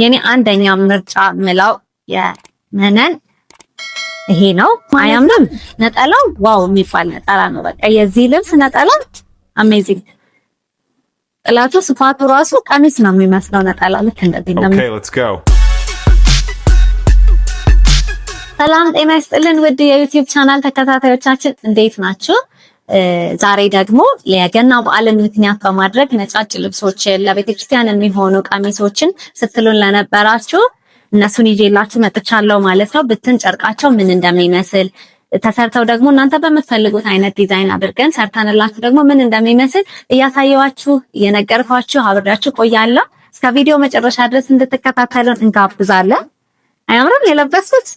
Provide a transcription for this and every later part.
የኔ አንደኛ ምርጫ የምለው የመነን ይሄ ነው። አያምርም? ነጠላው ዋው የሚባል ነጠላ ነው። በቃ የዚህ ልብስ ነጠላ አሜዚንግ። ጥላቱ ስፋቱ ራሱ ቀሚስ ነው የሚመስለው ነጠላ። ልክ እንደዚህ ነው። ሰላም ጤና ይስጥልን ውድ የዩቲዩብ ቻናል ተከታታዮቻችን እንዴት ናችሁ? ዛሬ ደግሞ የገና በዓልን ምክንያት በማድረግ ነጫጭ ልብሶችን ለቤተክርስቲያን የሚሆኑ ቀሚሶችን ስትሉን ለነበራችሁ እነሱን ይዤላችሁ መጥቻለሁ ማለት ነው። ብትን ጨርቃቸው ምን እንደሚመስል ተሰርተው ደግሞ እናንተ በምትፈልጉት አይነት ዲዛይን አድርገን ሰርተንላችሁ ደግሞ ምን እንደሚመስል እያሳየዋችሁ እየነገርኳችሁ አብሬያችሁ ቆያለሁ። እስከ ቪዲዮ መጨረሻ ድረስ እንድትከታተሉን እንጋብዛለን። አያምርም የለበስኩት?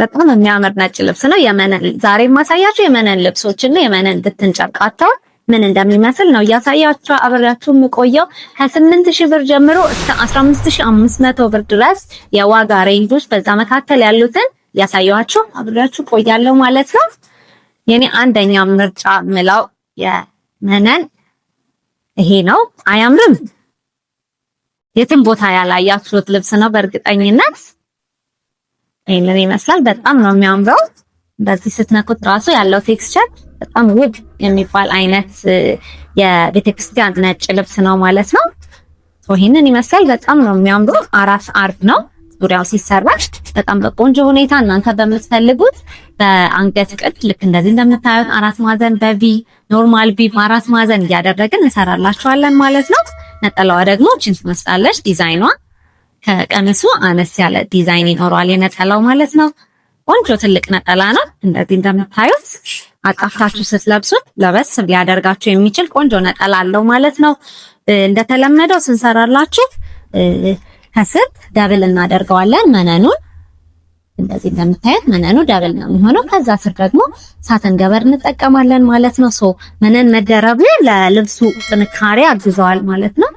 በጣም የሚያምር ነጭ ልብስ ነው። የመነን ዛሬ የማሳያችሁ የመነን እና የመነን ብትን ጨርቃቸውን ምን እንደሚመስል ነው እያሳያችሁ አብሬያችሁ የምቆየው። ከስምንት ሺህ ብር ጀምሮ እስከ 15500 ብር ድረስ የዋጋ ሬንጆች በዛ መካከል ያሉትን እያሳያችሁ አብሬያችሁ ቆያለሁ ማለት ነው። የኔ አንደኛ ምርጫ ምለው የመነን ይሄ ነው። አያምርም? የትም ቦታ ያላያችሁት ልብስ ነው በእርግጠኝነት ይህንን ይመስላል። በጣም ነው የሚያምረው። በዚህ ስትነኩት ራሱ ያለው ቴክስቸር በጣም ውብ የሚባል አይነት የቤተክርስቲያን ነጭ ልብስ ነው ማለት ነው። ይህንን ይመስላል። በጣም ነው የሚያምረው። አራት አርብ ነው ዙሪያው ሲሰራ በጣም በቆንጆ ሁኔታ እናንተ በምትፈልጉት በአንገት ቅድ ልክ እንደዚህ እንደምታዩት አራት ማዕዘን በቪ ኖርማል ቪ አራት ማዕዘን እያደረግን እንሰራላችኋለን ማለት ነው። ነጠላዋ ደግሞ ችን ትመስላለች ዲዛይኗ ከቀሚሱ አነስ ያለ ዲዛይን ይኖረዋል የነጠላው ማለት ነው። ቆንጆ ትልቅ ነጠላ ነው። እንደዚህ እንደምታዩት አጣፍታችሁ ስትለብሱት ለበስ ሊያደርጋችሁ የሚችል ቆንጆ ነጠላ አለው ማለት ነው። እንደተለመደው ስንሰራላችሁ ከስር ደብል እናደርገዋለን መነኑን እንደዚህ እንደምታዩት መነኑ ደብል ነው የሚሆነው። ከዛ ስር ደግሞ ሳተን ገበር እንጠቀማለን ማለት ነው። ሶ መነን መደረቡ ለልብሱ ጥንካሬ አግዘዋል ማለት ነው።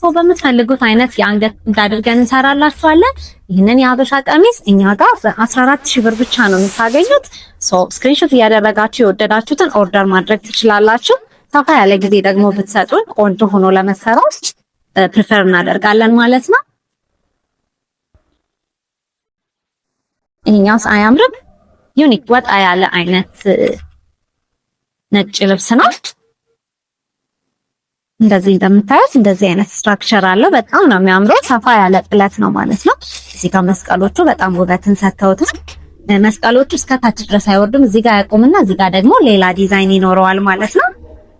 ሰው በምትፈልጉት አይነት የአንገት እንዳድርገን እንሰራላችኋለን። ይህንን የሀበሻ ቀሚስ እኛ ጋር በ14000 ብር ብቻ ነው የምታገኙት። ሶ ስክሪንሾት እያደረጋችሁ የወደዳችሁትን ኦርደር ማድረግ ትችላላችሁ። ሰፋ ያለ ጊዜ ደግሞ ብትሰጡን ቆንጆ ሆኖ ለመሰራት ፕሪፈር እናደርጋለን ማለት ነው። ይሄኛውስ አያምርም? ዩኒክ ወጣ ያለ አይነት ነጭ ልብስ ነው። እንደዚህ እንደምታዩት እንደዚህ አይነት ስትራክቸር አለው። በጣም ነው የሚያምረው። ሰፋ ያለ ጥለት ነው ማለት ነው። እዚህ ጋር መስቀሎቹ በጣም ውበትን ሰጥተውታል። መስቀሎቹ እስከታች ድረስ አይወርዱም። እዚህ ጋር ያቆምና እዚህ ጋር ደግሞ ሌላ ዲዛይን ይኖረዋል ማለት ነው።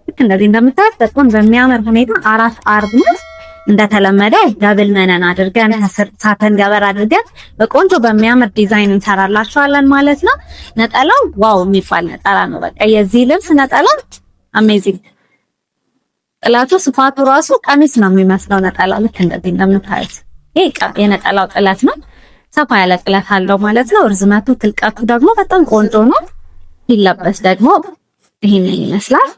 ልክ እንደዚህ እንደምታዩት በጣም በሚያምር ሁኔታ አራት አርብ እንደተለመደ ዳብል መነን አድርገን ሳተን ገበር አድርገን በቆንጆ በሚያምር ዲዛይን እንሰራላችኋለን ማለት ነው። ነጠላው ዋው የሚባል ነጠላ ነው። በቃ የዚህ ልብስ ነጠላ አሜዚንግ ጥላቱ ስፋቱ ራሱ ቀሚስ ነው የሚመስለው ነጠላ ልክ እንደዚህ እንደምታዩት ይሄ የነጠላው ጥለት ነው። ሰፋ ያለ ጥለት አለው ማለት ነው። ርዝመቱ ትልቀቱ ደግሞ በጣም ቆንጆ ነው። ሲለበስ ደግሞ ይህን ይመስላል።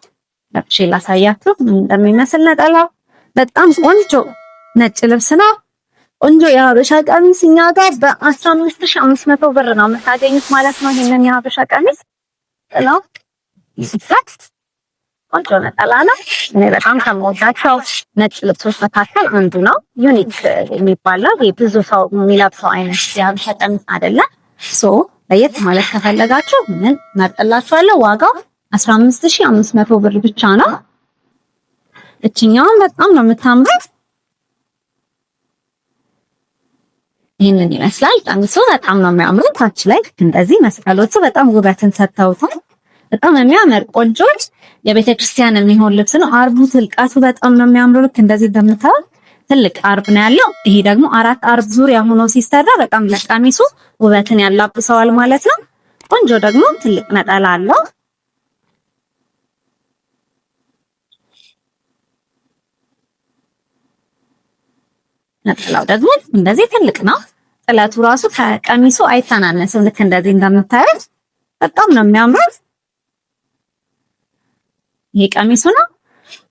ለብሼ ላሳያችሁ እንደሚመስል ነጠላው በጣም ቆንጆ ነጭ ልብስ ነው። ቆንጆ የሀበሻ ቀሚስ እኛ ጋር በ15500 ብር ነው የምታገኙት ማለት ነው። ይህንን የሀበሻ ቀሚስ ጥላው ቆንጆ ነጠላ ነው። እኔ በጣም ከምወዳቸው ነጭ ልብሶች መካከል አንዱ ነው። ዩኒክ የሚባለው የብዙ ብዙ ሰው የሚለብሰው አይነት ያብሻ አይደለም። ሶ ለየት ማለት ከፈለጋችሁ ምን መርጥላችኋለሁ። ዋጋው አስራ አምስት ሺህ አምስት መቶ ብር ብቻ ነው። እችኛውን በጣም ነው የምታምሩት። ይህንን ይመስላል ቀሚሱ። በጣም ነው የሚያምሩት። ታች ላይ እንደዚህ መስቀሎቹ በጣም ውበትን ሰጥተውታል። በጣም የሚያምር ቆንጆች የቤተ ክርስቲያን የሚሆን ልብስ ነው። አርቡ ትልቃቱ በጣም ነው የሚያምሩ። ልክ እንደዚህ እንደምታዩት ትልቅ አርብ ነው ያለው። ይሄ ደግሞ አራት አርብ ዙሪያ ሆኖ ሲሰራ በጣም ለቀሚሱ ውበትን ያላብሰዋል ማለት ነው። ቆንጆ ደግሞ ትልቅ ነጠላ አለው። ነጠላው ደግሞ እንደዚህ ትልቅ ነው። ጥለቱ ራሱ ከቀሚሱ አይተናነስም። ልክ እንደዚህ እንደምታዩት በጣም ነው የሚያምሩት። ይሄ ቀሚሱ ነው።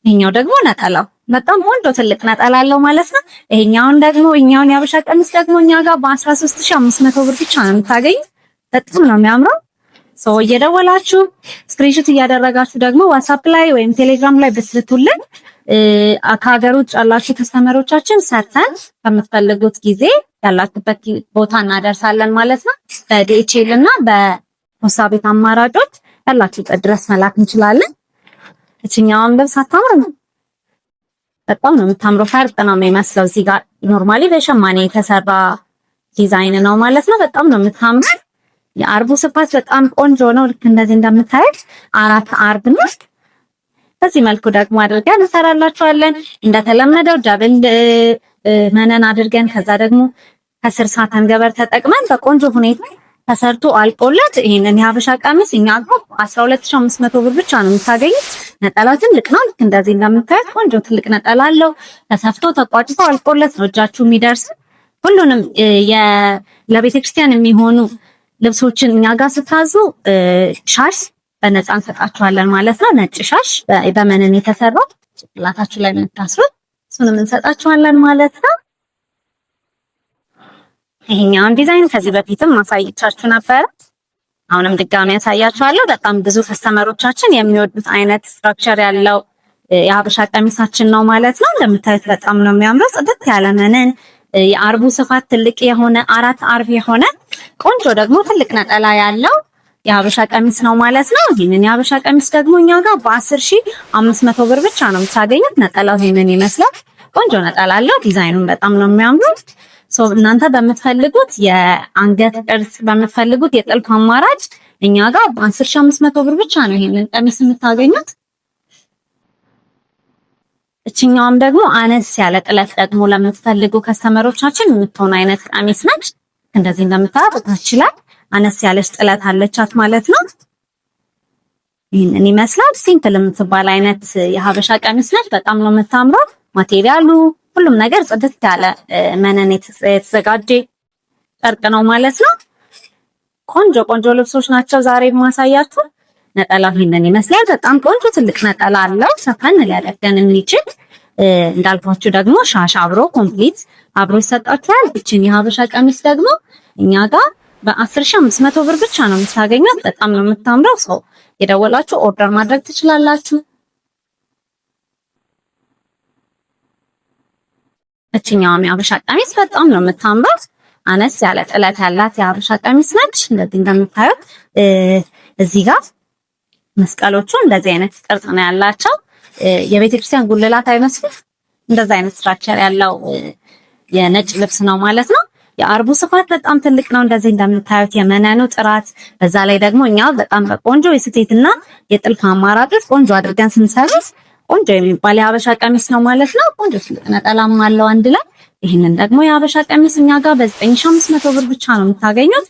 ይሄኛው ደግሞ ነጠላው በጣም ወንዶ ትልቅ ነጠላ አለው ማለት ነው። ይሄኛውን ደግሞ ይሄኛውን ያበሻ ቀሚስ ደግሞ እኛ ጋር በ13500 ብር ብቻ ነው የምታገኝ። በጣም ነው የሚያምረው። ሰው እየደወላችሁ ስክሪንሾት እያደረጋችሁ ደግሞ ዋትስአፕ ላይ ወይም ቴሌግራም ላይ ብትልኩልን ከሀገር ውጭ ያላችሁ ከስተመሮቻችን ሰርተን በምትፈልጉት ጊዜ ያላችሁበት ቦታ እናደርሳለን ማለት ነው። በዲኤችኤል እና በፖስታ ቤት አማራጮች ያላችሁበት ድረስ መላክ እንችላለን። እችኛዋን ልብስ አታምርም? በጣም ነው የምታምረው። ፈርጥ ነው የሚመስለው። እዚህ ጋር ኖርማሊ በሸማኔ የተሰራ ዲዛይን ነው ማለት ነው። በጣም ነው የምታምር። የአርቡ ስፋት በጣም ቆንጆ ነው። ልክ እንደዚህ እንደምታየት አራት አርብ ነው። በዚህ መልኩ ደግሞ አድርገን እንሰራላችኋለን። እንደተለመደው ዳብል መነን አድርገን ከዛ ደግሞ ከስር ሳተን ገበር ተጠቅመን በቆንጆ ሁኔታ ተሰርቶ አልቆለት ይሄንን የሀበሻ ቀሚስ እኛ ጋር 12500 ብር ብቻ ነው የምታገኙት። ነጠላ ትልቅ ነው። ልክ እንደዚህ እንደምታዩት ቆንጆ ትልቅ ነጠላ አለው። ተሰፍቶ ተቋጭቶ አልቆለት ነው እጃችሁ የሚደርስ። ሁሉንም ለቤተ ክርስቲያን የሚሆኑ ልብሶችን እኛ ጋር ስታዙ ሻሽ በነፃ እንሰጣችኋለን ማለት ነው። ነጭ ሻሽ በመንን የተሰራው ጭቅላታችሁ ላይ የምታስሩት እሱንም እንሰጣችኋለን ማለት ነው። ይሄኛውን ዲዛይን ከዚህ በፊትም ማሳይቻችሁ ነበረ። አሁንም ድጋሚ ያሳያችኋለሁ። በጣም ብዙ ከስተመሮቻችን የሚወዱት አይነት ስትራክቸር ያለው የሀበሻ ቀሚሳችን ነው ማለት ነው። እንደምታዩት በጣም ነው የሚያምረው። ጽድት ያለ መነን፣ የአርቡ ስፋት ትልቅ የሆነ አራት አርብ የሆነ ቆንጆ ደግሞ ትልቅ ነጠላ ያለው የሀበሻ ቀሚስ ነው ማለት ነው። ይህንን የሀበሻ ቀሚስ ደግሞ እኛው ጋር በአስር ሺህ አምስት መቶ ብር ብቻ ነው የምታገኙት። ነጠላው ይህንን ይመስላል። ቆንጆ ነጠላ አለው። ዲዛይኑን በጣም ነው የሚያምሩት። እናንተ በምትፈልጉት የአንገት ቅርጽ በምትፈልጉት የጥልፍ አማራጭ እኛ ጋር በአስር ሺህ አምስት መቶ ብር ብቻ ነው ይሄንን ቀሚስ የምታገኙት። እችኛዋም ደግሞ አነስ ያለ ጥለት ደግሞ ለምትፈልጉ ከስተመሮቻችን የምትሆን አይነት ቀሚስ ነች። እንደዚህ እንደምታዩት ታች አነስ ያለች ጥለት አለቻት ማለት ነው። ይህንን ይመስላል። ሲምፕል የምትባል አይነት የሀበሻ ቀሚስ ነች። በጣም ነው የምታምረው። ማቴሪያሉ ሁሉም ነገር ጽድት ያለ መነን የተዘጋጀ ጨርቅ ነው ማለት ነው። ቆንጆ ቆንጆ ልብሶች ናቸው ዛሬ የማሳያችሁ። ነጠላ ይሄንን ይመስላል። በጣም ቆንጆ ትልቅ ነጠላ አለው ሰፈን ሊያደርገን የሚችል እንዳልኳችሁ ደግሞ ሻሽ አብሮ ኮምፕሊት አብሮ ይሰጣችኋል። እችን የሀበሻ ቀሚስ ደግሞ እኛ ጋር በአስር ሺህ አምስት መቶ ብር ብቻ ነው የምታገኘው። በጣም ነው የምታምረው። ሰው የደወላችሁ ኦርደር ማድረግ ትችላላችሁ። እችኛዋም የአበሻ ቀሚስ በጣም ነው የምታምራት። አነስ ያለ ጥለት ያላት የአበሻ ቀሚስ ነች። እንደዚህ እንደምታዩት እዚህ ጋር መስቀሎቹ እንደዚህ አይነት ቅርጽ ነው ያላቸው። የቤተክርስቲያን ጉልላት አይመስሉም። እንደዚህ አይነት ስትራክቸር ያለው የነጭ ልብስ ነው ማለት ነው። የአርቡ ስፋት በጣም ትልቅ ነው። እንደዚህ እንደምታዩት የመነኑ ጥራት፣ በዛ ላይ ደግሞ እኛ በጣም በቆንጆ የስቴትና የጥልፍ አማራጮች ቆንጆ አድርገን ስንሰሩት። ቆንጆ የሚባል የሀበሻ ቀሚስ ነው ማለት ነው። ቆንጆ ትልቅ ነጠላም አለው አንድ ላይ። ይህንን ደግሞ የሀበሻ ቀሚስ እኛ ጋር በዘጠኝ ሺህ አምስት መቶ ብር ብቻ ነው የምታገኙት።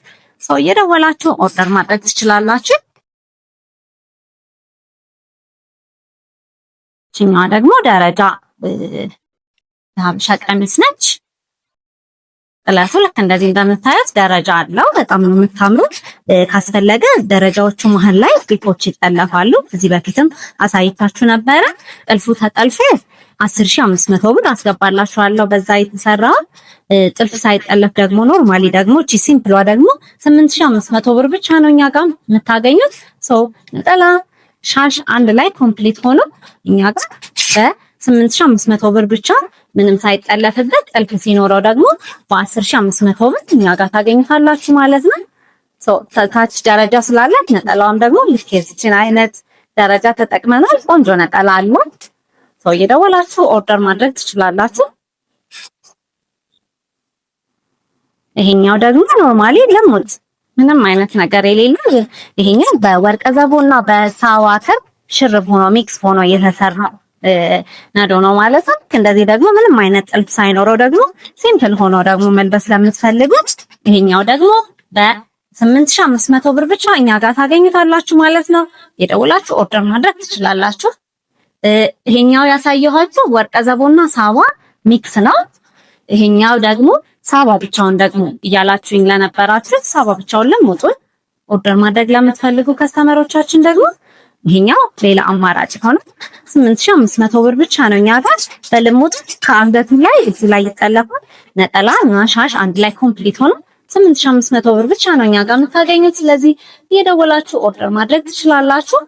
ሰው እየደወላችሁ ኦርደር ማድረግ ትችላላችሁ። ይችኛዋ ደግሞ ደረጃ የሀበሻ ቀሚስ ነች። ጥለቱ ልክ እንደዚህ እንደምታዩት ደረጃ አለው። በጣም ነው የምታምሩት። ካስፈለገ ደረጃዎቹ መሀል ላይ ጥልፎች ይጠለፋሉ። እዚህ በፊትም አሳይታችሁ ነበረ። ጥልፉ ተጠልፎ 10500 ብር አስገባላችኋለሁ። በዛ የተሰራ ጥልፍ ሳይጠለፍ ደግሞ ኖርማሊ ደግሞ እቺ ሲምፕሏ ደግሞ 8500 ብር ብቻ ነው እኛ ጋር የምታገኙት። ሶ ነጠላ ሻሽ አንድ ላይ ኮምፕሊት ሆኖ እኛ ጋር በ8500 ብር ብቻ ምንም ሳይጠለፍበት ጥልፍ ሲኖረው ደግሞ በአስር ሺህ አምስት መቶ ብር እኛ ጋር ታገኙታላችሁ ማለት ነው። ታች ደረጃ ስላላት ነጠላዋም ደግሞ ልኬዝችን አይነት ደረጃ ተጠቅመናል። ቆንጆ ነጠላ አለው። ሰው እየደወላችሁ ኦርደር ማድረግ ትችላላችሁ። ይሄኛው ደግሞ ኖርማሊ ልሙጥ ምንም አይነት ነገር የሌለው ይሄኛው በወርቀ ዘቦና በሳዋ ሽርብ ሆኖ ሚክስ ሆኖ እየተሰራ ነዶ ነው ማለት ነው። እንደዚህ ደግሞ ምንም አይነት ጥልፍ ሳይኖረው ደግሞ ሲምፕል ሆኖ ደግሞ መልበስ ለምትፈልጉት ይሄኛው ደግሞ በ8500 ብር ብቻ እኛ ጋር ታገኙታላችሁ ማለት ነው። የደውላችሁ ኦርደር ማድረግ ትችላላችሁ። ይሄኛው ያሳየኋችሁ ወርቀ ዘቦና ሳባ ሚክስ ነው። ይሄኛው ደግሞ ሳባ ብቻውን ደግሞ እያላችሁኝ ለነበራችሁ ሳባ ብቻውን ለምጡን ኦርደር ማድረግ ለምትፈልጉ ከስተመሮቻችን ደግሞ ይሄኛው ሌላ አማራጭ ሆኖ 8500 ብር ብቻ ነው። እኛ ጋር በልሙጥ ላይ እዚህ ላይ ይጠለፋል። ነጠላ ማሻሽ አንድ ላይ ኮምፕሊት ሆኖ 8500 ብር ብቻ ነው እኛ ጋር የምታገኙት። ስለዚህ እየደወላችሁ ኦርደር ማድረግ ትችላላችሁ።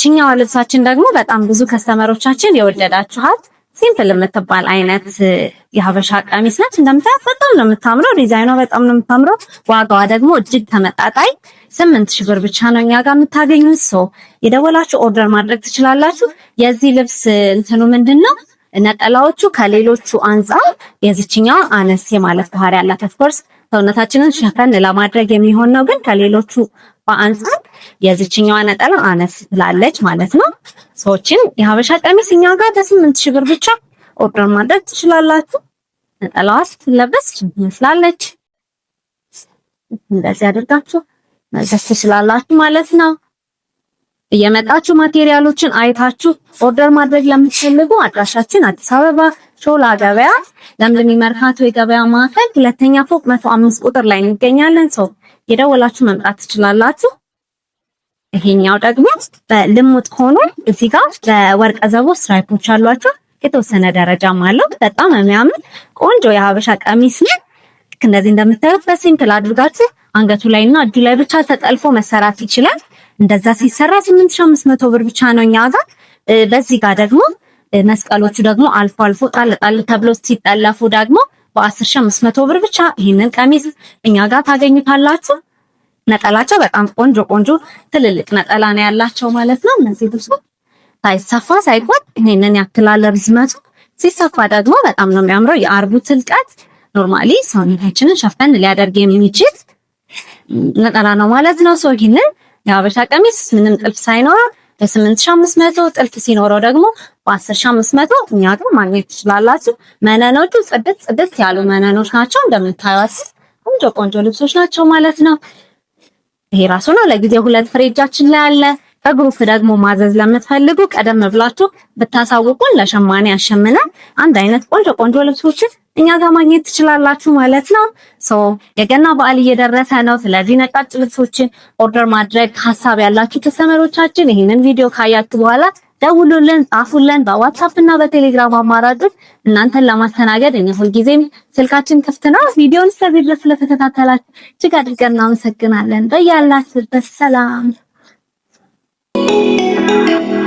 ችኛዋ ልብሳችን ደግሞ በጣም ብዙ ከስተመሮቻችን የወደዳችኋት ሲምፕል የምትባል አይነት የሀበሻ ቀሚስ ነች። እንደምታያት በጣም ነው የምታምረው። ዲዛይኗ በጣም ነው የምታምረው። ዋጋዋ ደግሞ እጅግ ተመጣጣይ ስምንት ሺህ ብር ብቻ ነው እኛ ጋር የምታገኙት። ሰው የደወላችሁ ኦርደር ማድረግ ትችላላችሁ። የዚህ ልብስ እንትኑ ምንድን ነው? ነጠላዎቹ ከሌሎቹ አንጻር የዚችኛዋ አነስ የማለት ባህሪ ያላት ኦፍኮርስ ሰውነታችንን ሸፈን ለማድረግ የሚሆን ነው። ግን ከሌሎቹ በአንጻር የዚችኛዋ ነጠላ አነስ ትላለች ማለት ነው። ሰዎችን የሀበሻ ቀሚስ እኛ ጋር በስምንት ሺህ ብር ብቻ ኦርደር ማድረግ ትችላላችሁ። ነጠላዋ ስትለበስ ይመስላለች። እንደዚህ አድርጋችሁ መግዛት ትችላላችሁ ማለት ነው። እየመጣችሁ ማቴሪያሎችን አይታችሁ ኦርደር ማድረግ ለምትፈልጉ አድራሻችን አዲስ አበባ ሾላ ገበያ ለምለም መርካቶ የገበያ ማዕከል ሁለተኛ ፎቅ 105 ቁጥር ላይ እንገኛለን። ሰው የደወላችሁ መምጣት ትችላላችሁ። ይሄኛው ደግሞ በልሙጥ ሆኖ እዚህ ጋር በወርቀ ዘቦ ስትራይፖች አሏቸው። የተወሰነ ደረጃም አለው። በጣም የሚያምር ቆንጆ የሀበሻ ቀሚስ ነው። ልክ እንደዚህ እንደምታዩት በሲምፕል አድርጋችሁ አንገቱ ላይ እና እጁ ላይ ብቻ ተጠልፎ መሰራት ይችላል። እንደዛ ሲሰራ መቶ ብር ብቻ ነው እኛ ጋር። በዚህ ጋር ደግሞ መስቀሎቹ ደግሞ አልፎ አልፎ ጣል ጣል ተብሎ ሲጠለፉ ደግሞ በ መቶ ብር ብቻ ይህንን ቀሚስ እኛ ጋር ታገኙታላችሁ። ነጠላቸው በጣም ቆንጆ ቆንጆ ትልልቅ ነጠላ ነው ያላቸው ማለት ነው እነዚህ ልብሶች ሳይሰፋ ሳይቆጥ ይሄንን ያክላል ርዝመቱ። ሲሰፋ ደግሞ በጣም ነው የሚያምረው። የአርቡ ትልቀት ኖርማሊ ሰውነታችንን ሸፈን ሊያደርግ የሚችል ነጠላ ነው ማለት ነው። ሰው ይህንን የሀበሻ ቀሚስ ምንም ጥልፍ ሳይኖረው በ8500 ጥልፍ ሲኖረው ደግሞ በ10500 እኛ ጋር ማግኘት ትችላላችሁ። መነኖቹ ጽድት ጽድት ያሉ መነኖች ናቸው። እንደምታዩት ቆንጆ ቆንጆ ልብሶች ናቸው ማለት ነው። ይሄ ራሱ ነው። ለጊዜ ሁለት ፍሬጃችን ላይ አለ። በግሩፕ ደግሞ ማዘዝ ለምትፈልጉ ቀደም ብላችሁ ብታሳውቁን ለሸማኔ አሸምነን አንድ አይነት ቆንጆ ቆንጆ ልብሶችን እኛ ጋር ማግኘት ትችላላችሁ ማለት ነው። ሶ የገና በዓል እየደረሰ ነው። ስለዚህ ነጫጭ ልብሶችን ኦርደር ማድረግ ሀሳብ ያላችሁ ከስተመሮቻችን ይህንን ቪዲዮ ካያችሁ በኋላ ደውሉልን፣ ጻፉልን። በዋትሳፕ እና በቴሌግራም አማራጮች እናንተን ለማስተናገድ እኛ ሁልጊዜም ስልካችን ክፍት ነው። ቪዲዮውን እስከዚህ ድረስ ስለተከታተላችሁ እጅግ አድርገን እናመሰግናለን። በያላችሁበት ሰላም Música